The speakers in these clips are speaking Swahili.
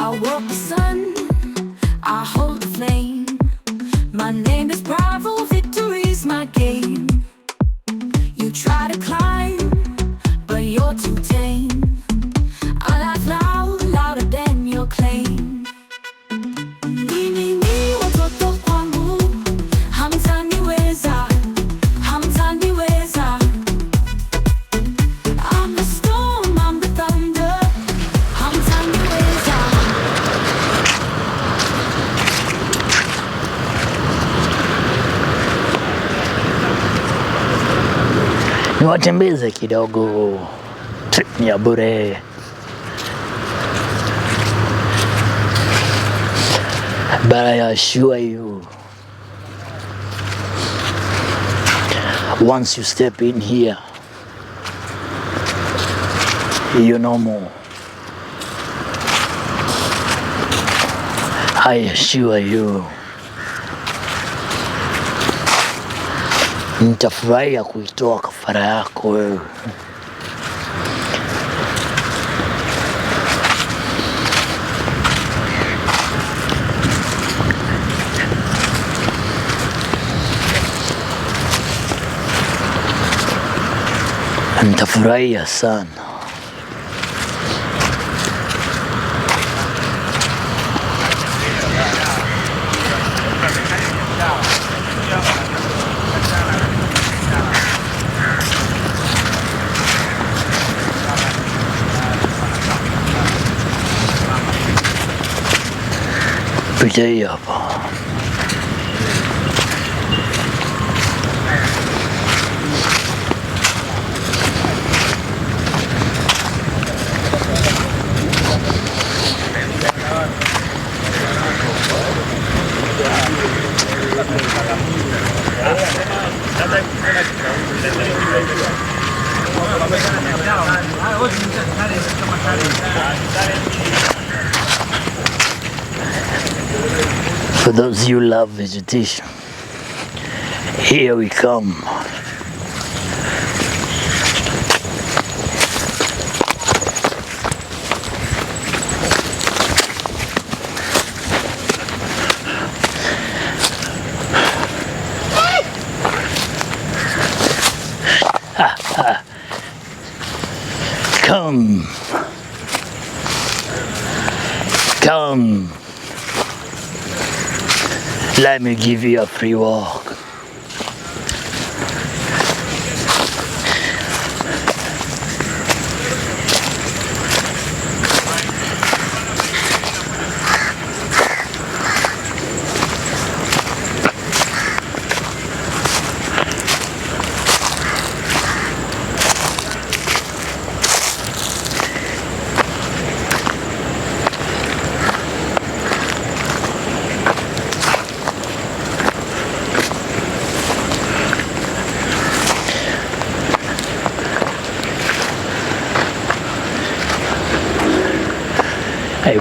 I walk the sun, I hold the flame. Yogo. Trip niya bure. assure you, Once you step in here, you no more. I assure you. nitafurahia kuitoa kafara yako wewe. Nitafurahia sana. Isso aí, rapaz. For those you love vegetation, here we come. Let me give you a free walk.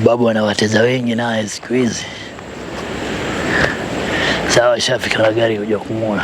sababu ana wateza wengi naye siku hizi. Sawa, shafika na gari kuja kumwona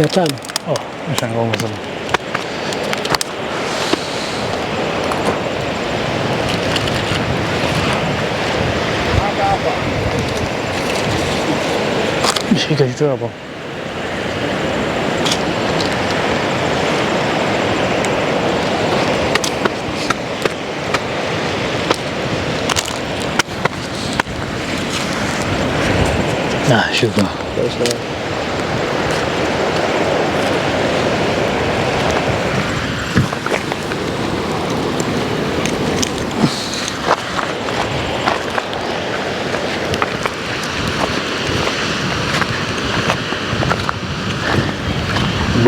ś a t a m O, m y ś l a e m o umysłem. d i s i a j to liczyło, bo... Ah, Silva. p i s é.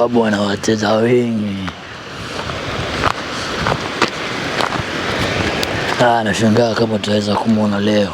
sababu wana wateja wengi. Ah, nashangaa kama tutaweza kumwona leo.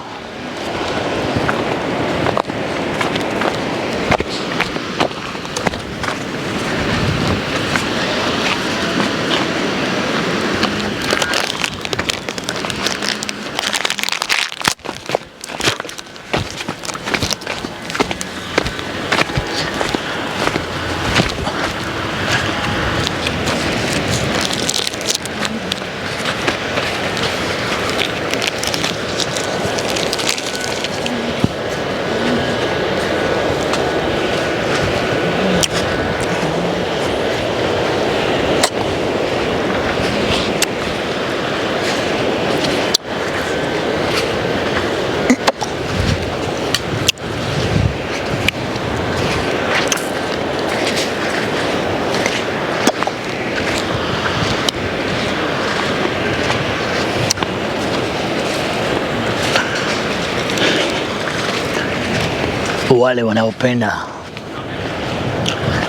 wale wanaopenda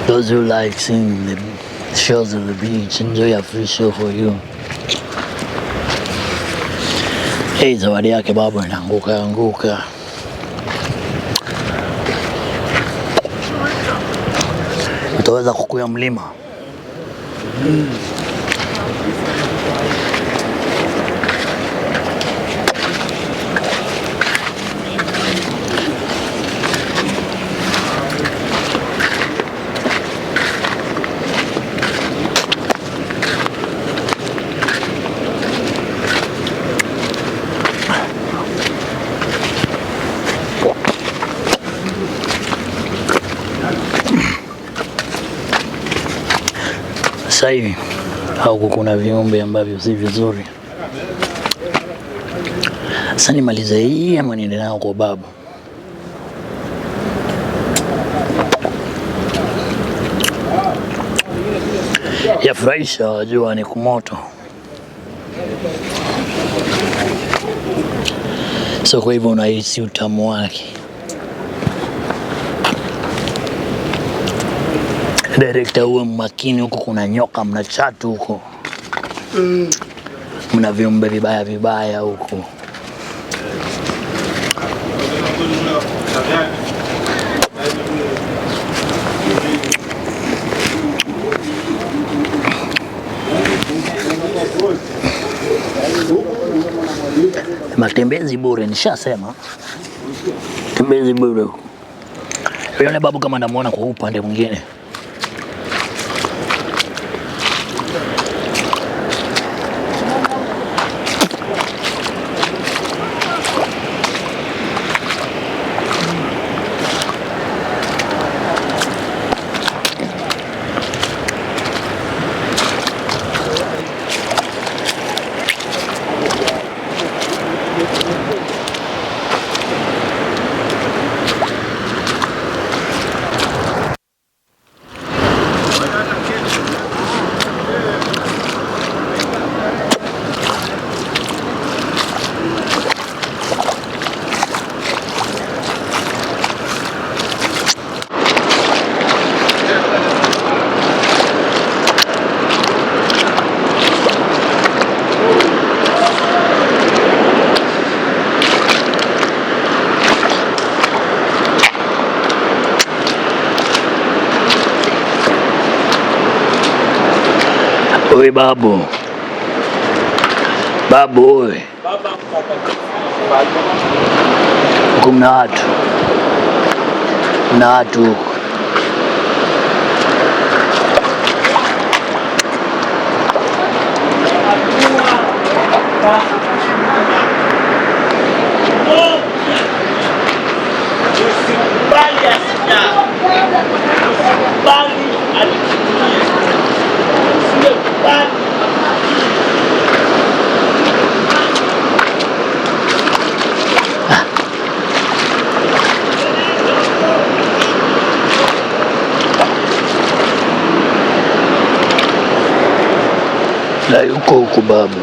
those who like seeing the shores of the beach enjoy a free show for you. Hey, zawadi yake baba inaanguka anguka. Utaweza kukuya mlima. Mm. sasa hivi au kuna viumbe ambavyo si vizuri. Sasa nimalize hii ama niende nao kwa babu? Yafurahisha, wajua ni kumoto. So kwa hivyo unahisi utamu wake. Direkta, uwe makini huko, kuna nyoka mna chatu huko mm. Mna viumbe vibaya vibaya huko. Matembezi bure, nishasema tembezi bure. Yule babu kama namuona kwa upande mwingine babu babu oye, kumna watu kumna watu huku above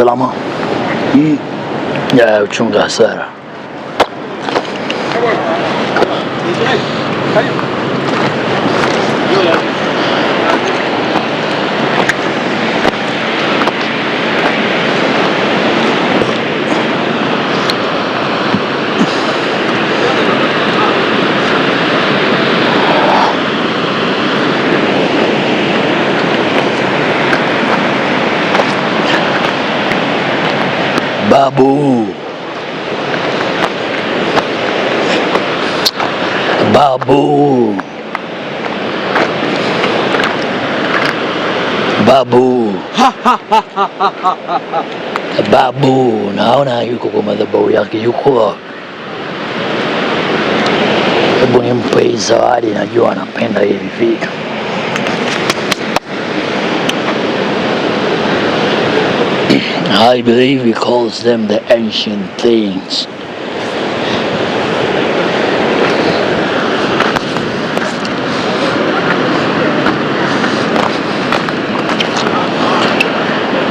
selama é o hasara. Thank babu babu babu babu, naona yuko kwa madhabahu yake, yuko hebu nimpe zawadi, najua anapenda hivi vitu. I believe he calls them the ancient things.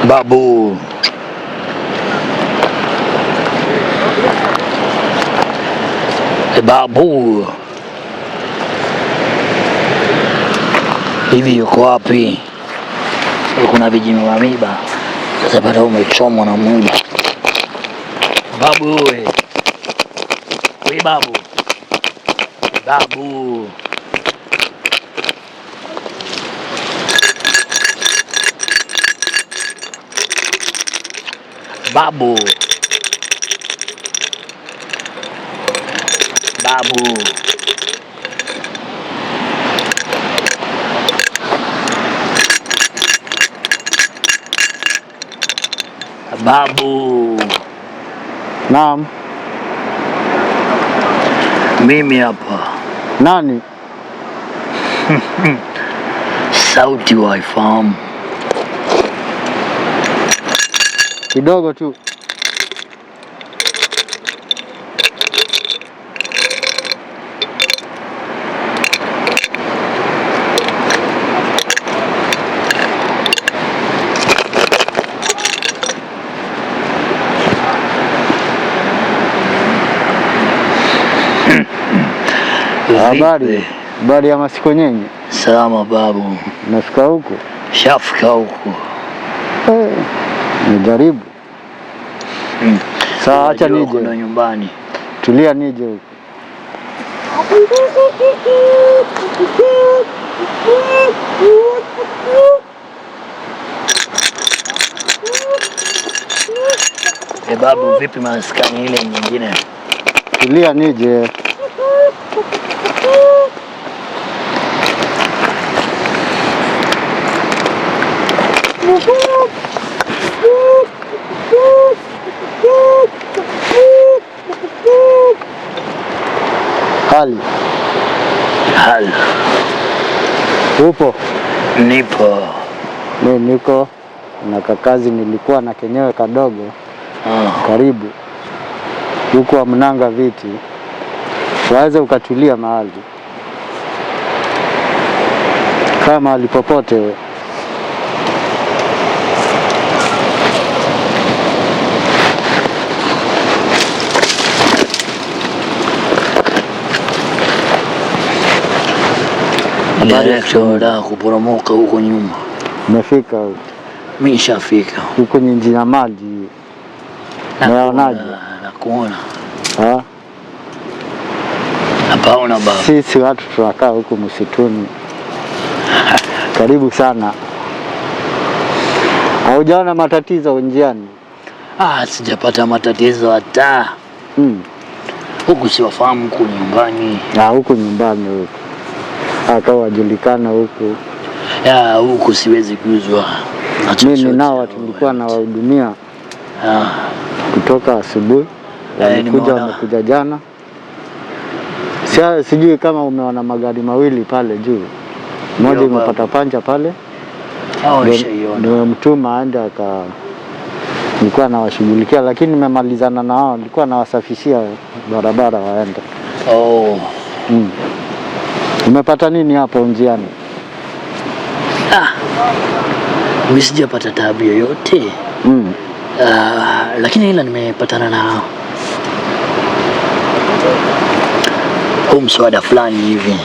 Babu. Babu. Hivi yuko wapi? Kuna vijimamamiba Barabara chama na mão Babu we. We babu. Babu. Babu. Babu. Babu, naam, mimi hapa. Nani? sauti waifahamu kidogo tu. Habari. Habari ya masiko nyenye. Salama babu. Nafika huko? Shafika huko. Eh, nijaribu. Hmm. Saa acha nije. Na nyumbani. Tulia nije huko. E babu, vipi maskani ile nyingine? Tulia nije. Hali hali, upo? Nipo. Mi niko na kakazi, nilikuwa na kenyewe kadogo ah. Karibu huku mnanga viti, waweza ukatulia mahali kama mahali popote la kuporomoka huko nyuma. Umefika huko? Mimi huko njia maji, naonaje? Nakuona hapaona baba. Sisi watu tunakaa huku msituni karibu sana. Haujaona matatizo njiani? Ah, sijapata matatizo hata. Mm. Huku siwafahamu huku nyumbani. Ah, huku nyumbani huku akawa wajulikana huku huku, siwezi kujua mimi nao watu na nawahudumia ah. kutoka asubuhi, eh, walikuja wamekuja jana. Sia, sijui kama umeona magari mawili pale juu, moja imepata panja pale, ah, nimemtuma aende aka nilikuwa nawashughulikia, lakini nimemalizana na wao, nilikuwa nawasafishia barabara waende. Oh. Mm. Umepata nini hapo njiani? Ah, mimi sijapata taabu yoyote mm. Uh, lakini ila nimepatana na huu mswada fulani hivi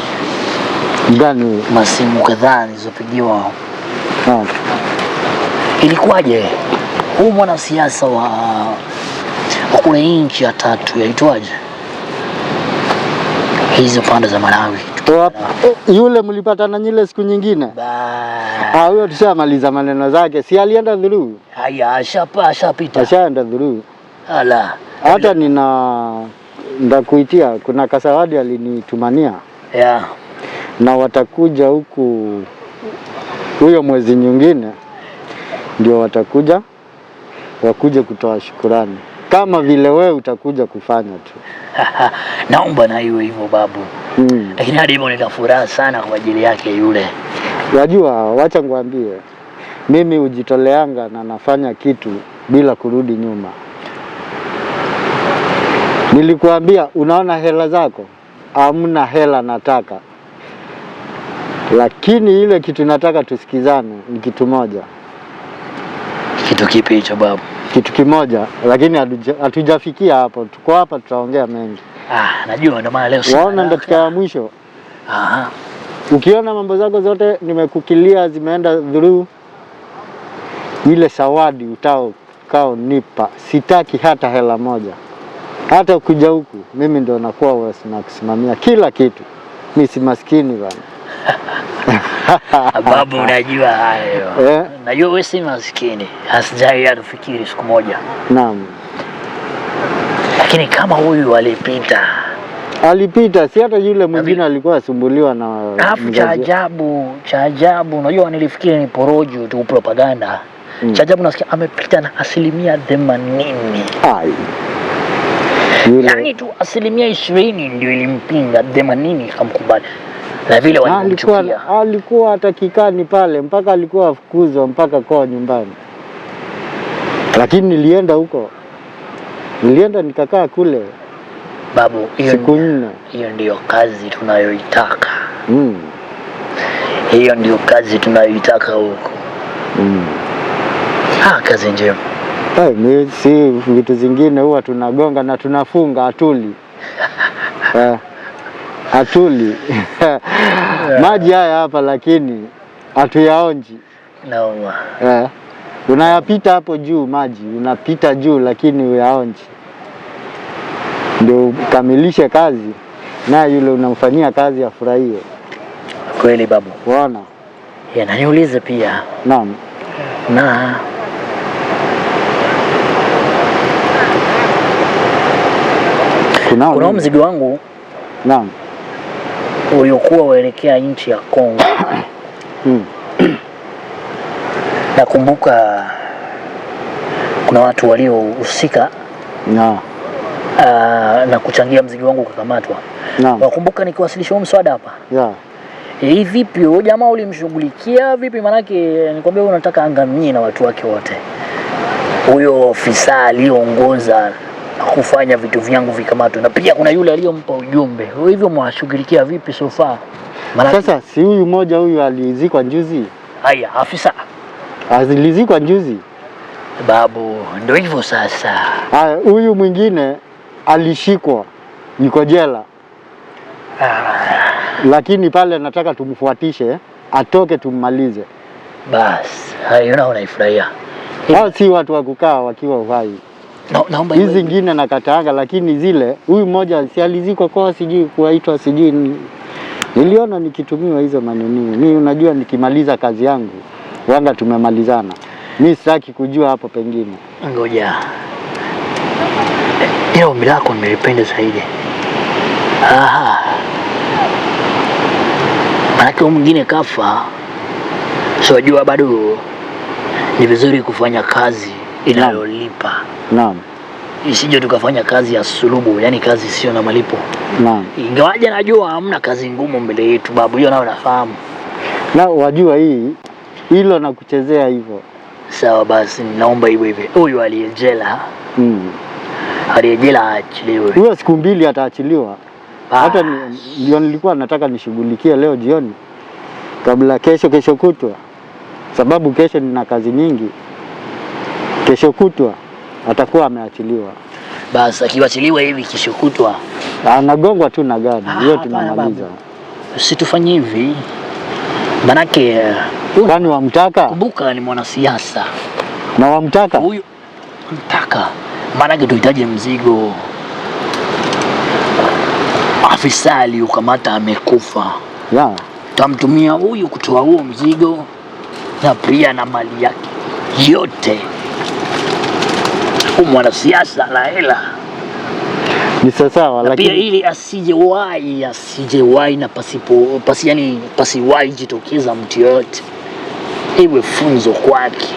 gani, masimu kadhaa nilizopigiwa ah. Ilikuwaje huu mwanasiasa wa kule nchi ya tatu yaitwaje, hizo pande za Malawi yule mlipata na nyile siku nyingine ah, huyo, tushamaliza maneno zake, si alienda dhuru? Haya, ashapa ashapita, ashaenda dhuru. Ala, hata nina ndakuitia, kuna kasawadi alinitumania ya na watakuja huku huyo mwezi nyingine, ndio watakuja wakuje kutoa shukurani kama vile we utakuja kufanya tu. naomba na iwe hivyo babu. Mm. Lakini hadi hivyo nina furaha sana kwa ajili yake yule. Unajua, wacha ngwambie, mimi hujitoleanga na nafanya kitu bila kurudi nyuma. Nilikuambia, unaona hela zako, hamna hela nataka, lakini ile kitu nataka tusikizane ni kitu moja. Kitu kipi hicho babu? kitu kimoja, lakini hatujafikia hapo. Tuko hapa tutaongea mengi. Ah, najua ndio maana leo waona dakika ya mwisho. Aha. Ukiona mambo zako zote nimekukilia zimeenda dhuruu ile sawadi utao nipa, sitaki hata hela moja, hata ukuja huku mimi ndio nakuwa wewe, kusimamia kila kitu, mi si maskini bana. Babu, unajua hayo yeah. Najua wewe si maskini, hasijai atufikiri siku moja. Naam, lakini kama huyu alipita alipita, si hata yule mwingine alikuwa asumbuliwa na afu, cha ajabu cha ajabu, unajua nilifikiri ni porojo tu, propaganda mm. Cha ajabu nasikia amepita na asilimia themanini yani tu asilimia ishirini ndio ilimpinga, themanini kamkubali na vile walikuwa alikuwa atakikani pale, mpaka alikuwa afukuzwa mpaka kwa nyumbani. Lakini nilienda huko, nilienda nikakaa kule babu, siku nne. Hiyo ndiyo kazi tunayoitaka mm. Hiyo ndiyo kazi tunayoitaka huko mm. Ah, kazi njema si vitu zingine, huwa tunagonga na tunafunga hatuli eh. hatuli yeah. maji haya hapa lakini hatuyaonji nauma yeah. unayapita hapo juu maji unapita juu lakini uyaonji ndio ukamilishe kazi naye yule unamfanyia kazi afurahie kweli babu waona naniulize pia naam na kuna mzigo wangu naam uliokuwa waelekea nchi ya Kongo. Hmm. Nakumbuka kuna watu waliohusika na, ah, na kuchangia mzigo wangu ukakamatwa. Nakumbuka nikiwasilisha huu mswada hapa eh, hii vipi, huyo jamaa ulimshughulikia vipi? Maanake nikwambia unataka angamie na watu wake wote, huyo ofisa aliongoza kufanya vitu vyangu vikamatwe, na pia kuna yule aliyompa ujumbe. Hivyo mwashughulikia vipi so far? Sasa si huyu mmoja huyu alizikwa juzi? Haya, afisa alizikwa juzi babu, ndio hivyo sasa. Haya, huyu mwingine alishikwa, yuko jela ah. lakini pale nataka tumfuatishe atoke, tumalize. basi. Hayo naona ifurahia, si watu wa kukaa wakiwa uhai naomba hizi zingine nakataaga, lakini zile huyu mmoja si alizikwa kwa sijui kuwaitwa sijui, niliona nikitumiwa hizo maneno. Mi unajua, nikimaliza kazi yangu wanga tumemalizana, mi sitaki kujua hapo. Pengine ngoja ila ombi lako nimelipenda zaidi. Aha, manake mwingine kafa, siwajua bado ni vizuri kufanya kazi inayolipa. Naam. Isije tukafanya kazi ya sulubu, yani kazi sio na malipo. Naam. Ingawaje najua hamna kazi ngumu mbele yetu babu, hiyo nayo nafahamu. Na wajua hii hilo na kuchezea hivyo. Sawa basi, naomba iwe hivyo. Huyu aliyejela mm. aliyejela aachiliwe. Huyo siku mbili ataachiliwa. Ah. Hata ndio nilikuwa nataka nishughulikie leo jioni kabla kesho, kesho kutwa, sababu kesho nina kazi nyingi kesho kutwa atakuwa ameachiliwa. Basi akiwachiliwa hivi kesho kutwa anagongwa tu na gari, hiyo ah, tunamaliza. situfanye hivi manake, kwani wamtaka? Kumbuka ni mwanasiasa na wamtaka huyu, mtaka maanake tuhitaji mzigo. Afisa aliyokamata amekufa, yeah. Tamtumia huyu kutoa huo mzigo na pia na mali yake yote mfumo siasa na hela ni sawa, lakini pia ili asijewahi asijewahi na pasipo pasi, yani pasiwahi jitokeza mtu yoyote, iwe funzo kwake,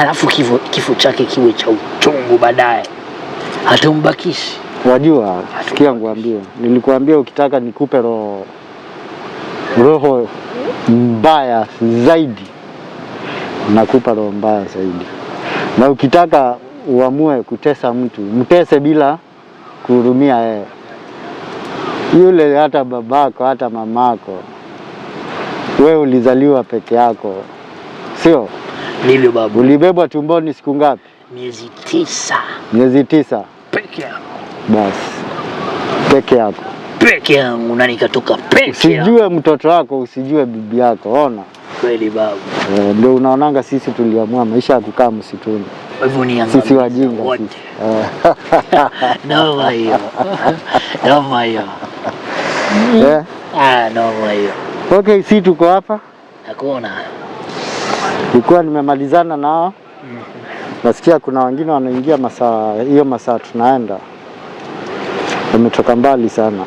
alafu kifo, kifo chake kiwe cha uchungu baadaye, hatumbakishi. Wajua, sikia ngwambie, nilikuambia ukitaka nikupe roho roho hmm? mbaya zaidi, nakupa roho mbaya zaidi na ukitaka uamue kutesa mtu mtese bila kuhurumia yeye yule, hata babako hata mamako. Wewe ulizaliwa peke yako, sio ndivyo babu? Ulibebwa tumboni siku ngapi? Miezi tisa. Miezi tisa peke yako? Basi peke yako, peke yangu, na nikatoka peke yangu. Usijue mtoto wako, usijue bibi yako, ona Kweli babu. Eh, ndio unaonanga sisi tuliamua maisha yakukaa msituni. Sisi wajinga wote. Eh. Noma hiyo. Noma hiyo. Eh? Ah, noma hiyo. Okay, si tuko hapa? Hakuna. ilikuwa nimemalizana nao. Mm. Nasikia kuna wengine wanaingia masaa hiyo masaa tunaenda. Wametoka mbali sana.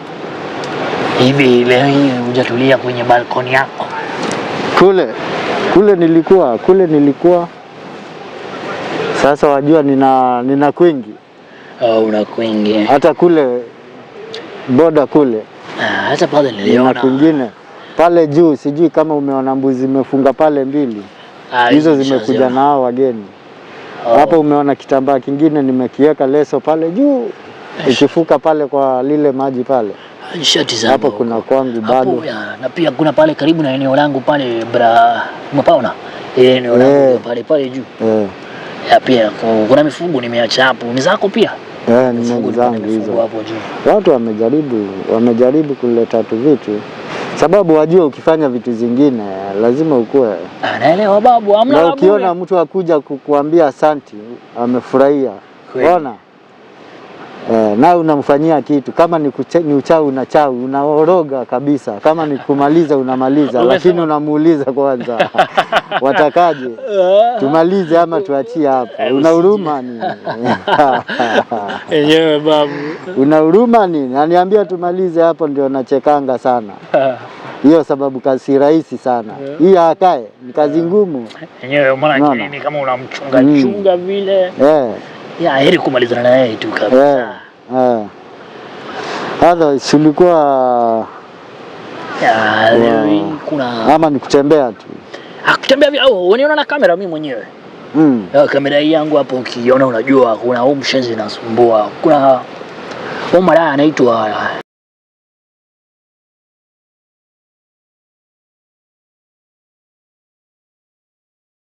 Hivi leo hii hujatulia kwenye balkoni yako? kule kule nilikuwa kule nilikuwa sasa, wajua nina nina kwingi. Oh, una kwingi hata kule boda kule. Ah, hata pale niliona kwingine pale juu, sijui kama umeona mbuzi zimefunga pale mbili ah, hizo, ah, zimekuja na hao wageni hapo Oh, umeona kitambaa kingine nimekiweka leso pale juu eh. ikifuka pale kwa lile maji pale shati za hapa kuna kwangu bado na pia kuna pale karibu na eneo langu pale bra mapaona e, eneo langu eh. pale pale juu yeah. Pia eh. kuna mifugo nimeacha hapo, ni zako pia yeah, zangu hizo hapo juu. Watu wamejaribu wamejaribu kuleta tu vitu sababu wajua, ukifanya vitu zingine lazima ukue. anaelewa babu, hamna. Na ukiona mtu akuja kukuambia asanti, amefurahia, ona Eh, nawe unamfanyia kitu kama ni, kuche, ni uchawi na chawi unaoroga kabisa, kama ni kumaliza unamaliza, lakini unamuuliza kwanza watakaje, tumalize ama tuachie hapa? Eh, una huruma nini? Enyewe babu, una huruma nini? Aniambia tumalize hapo, ndio nachekanga sana hiyo sababu kazi rahisi sana eh. hii yeah. Akae ni kazi ngumu enyewe, maana kama unamchunga chunga mm. vile yeah heri kumalizana na yeye tu kabisa. Otherwise eh, eh. ulikuwa kuna ama ni kutembea tu, akutembea vile au oh, uniona na kamera mimi mwenyewe mm. kamera hii yangu hapo, ukiona unajua kuna umshenzi nasumbua, kuna umara anaitwa